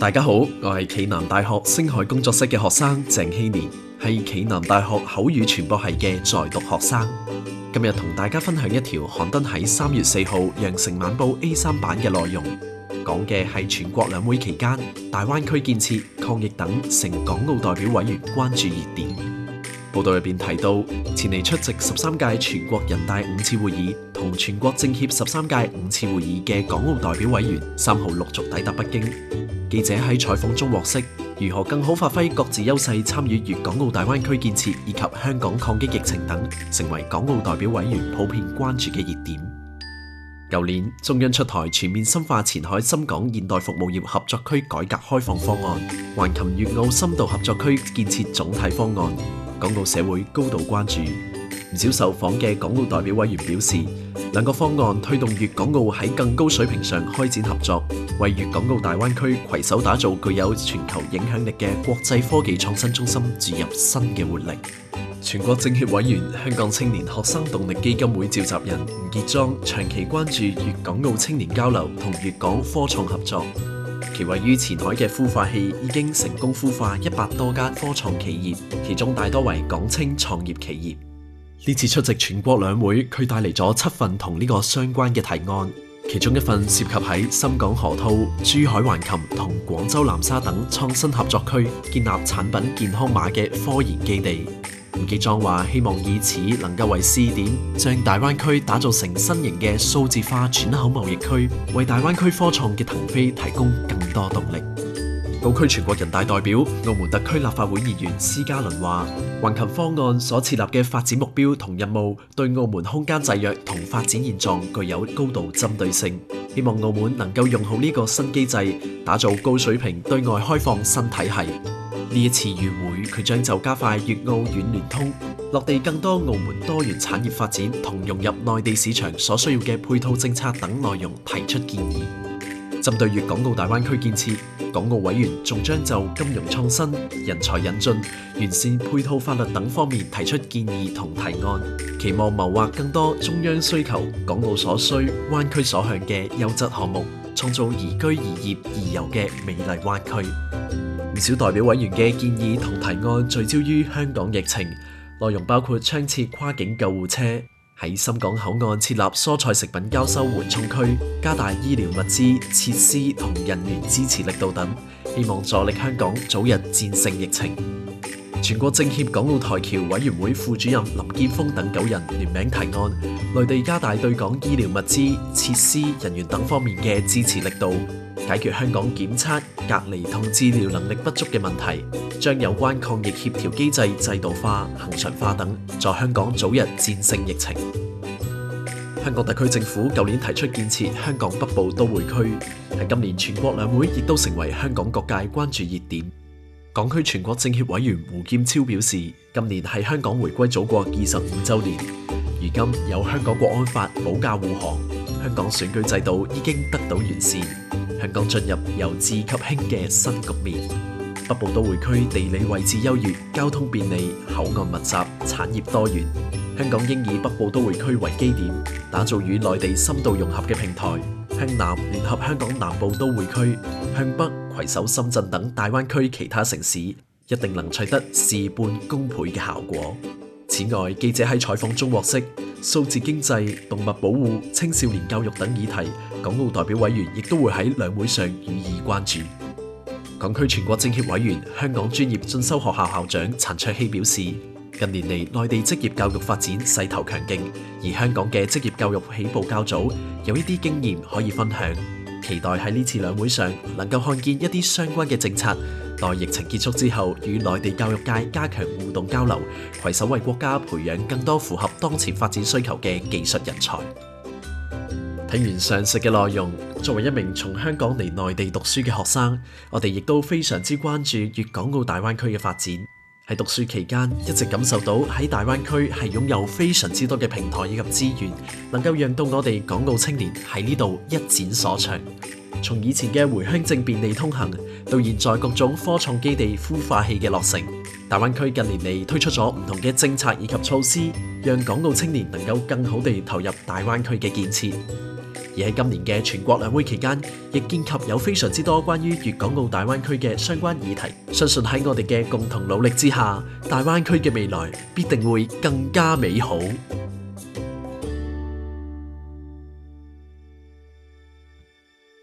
大家好，我係暨南大學聲海工作室嘅學生鄭禧年，係暨南大學口語傳播系嘅在讀學生。今日同大家分享一條刊登喺三月四號《羊城晚報》A 三版嘅內容，講嘅係全國兩會期間大灣區建設、抗疫等成港澳代表委員關注熱點。報道入邊提到，前嚟出席十三屆全國人大五次會議同全國政協十三屆五次會議嘅港澳代表委員，三號陸續抵達北京。記者喺採訪中獲悉，如何更好發揮各自優勢，參與粵港澳大灣區建設以及香港抗擊疫情等，成為港澳代表委員普遍關注嘅熱點。舊年，中央出台全面深化前海深港現代服務業合作區改革開放方案、橫琴粵澳深度合作區建設總體方案。港澳社會高度關注，唔少受訪嘅港澳代表委員表示，兩個方案推動粵港澳喺更高水平上開展合作，為粵港澳大灣區攜手打造具有全球影響力嘅國際科技創新中心注入新嘅活力。全國政協委員、香港青年學生動力基金會召集人吳傑莊長期關注粵港澳青年交流同粵港科創合作。其位於前海嘅孵化器已經成功孵化一百多家科創企業，其中大多為港青創業企業。呢次出席全國兩會，佢帶嚟咗七份同呢個相關嘅提案，其中一份涉及喺深港河套、珠海橫琴同廣州南沙等創新合作區建立產品健康碼嘅科研基地。吳傑莊話：希望以此能夠為試點，將大灣區打造成新型嘅數字化轉口貿易區，為大灣區科創嘅騰飛提供更多動力。澳區全國人大代表、澳門特區立法會議員施家倫話：橫琴方案所設立嘅發展目標同任務，對澳門空間制約同發展現狀具有高度針對性。希望澳門能夠用好呢個新機制，打造高水平對外開放新體系。呢一次與會，佢將就加快粵澳軟聯通、落地更多澳門多元產業發展同融入內地市場所需要嘅配套政策等內容提出建議。針對粵港澳大灣區建設，港澳委員仲將就金融創新、人才引進、完善配套法律等方面提出建議同提案，期望謀劃更多中央需求、港澳所需、灣區所向嘅優質項目，創造宜居宜業宜遊嘅美麗灣區。不少代表委員嘅建議同提案聚焦於香港疫情，內容包括倡設跨境救護車，喺深港口岸設立蔬菜食品交收緩衝區，加大醫療物資設施同人員支持力度等，希望助力香港早日戰勝疫情。全國政協港澳台僑委員會副主任林建峯等九人聯名提案，內地加大對港醫療物資、設施、人員等方面嘅支持力度，解決香港檢測、隔離同治療能力不足嘅問題，將有關抗疫協調機制制度化、恒常化等，在香港早日戰勝疫情。香港特區政府舊年提出建設香港北部都會區，喺今年全國兩會亦都成為香港各界關注熱點。港區全國政協委員胡劍超表示，今年係香港回歸祖國二十五周年，如今有香港國安法保駕護航，香港選舉制度已經得到完善，香港進入由治及興嘅新局面。北部都會區地理位置優越，交通便利，口岸密集，產業多元，香港應以北部都會區為基點，打造與內地深度融合嘅平台。向南聯合香港南部都會區，向北攜手深圳等大灣區其他城市，一定能取得事半功倍嘅效果。此外，記者喺採訪中獲悉，數字經濟、動物保護、青少年教育等議題，港澳代表委員亦都會喺兩會上予以關注。港區全國政協委員、香港專業進修學校校長陳卓熙表示。近年嚟，內地職業教育發展勢頭強勁，而香港嘅職業教育起步較早，有一啲經驗可以分享。期待喺呢次兩會上能夠看見一啲相關嘅政策，待疫情結束之後，與內地教育界加強互動交流，攜手為國家培養更多符合當前發展需求嘅技術人才。睇完上述嘅內容，作為一名從香港嚟內地讀書嘅學生，我哋亦都非常之關注粵港澳大灣區嘅發展。喺讀書期間，一直感受到喺大灣區係擁有非常之多嘅平台以及資源，能夠讓到我哋港澳青年喺呢度一展所長。從以前嘅回鄉證便利通行，到現在各種科創基地孵化器嘅落成，大灣區近年嚟推出咗唔同嘅政策以及措施，讓港澳青年能夠更好地投入大灣區嘅建設。而喺今年嘅全國兩會期間，亦見及有非常之多關於粵港澳大灣區嘅相關議題。相信喺我哋嘅共同努力之下，大灣區嘅未來必定會更加美好。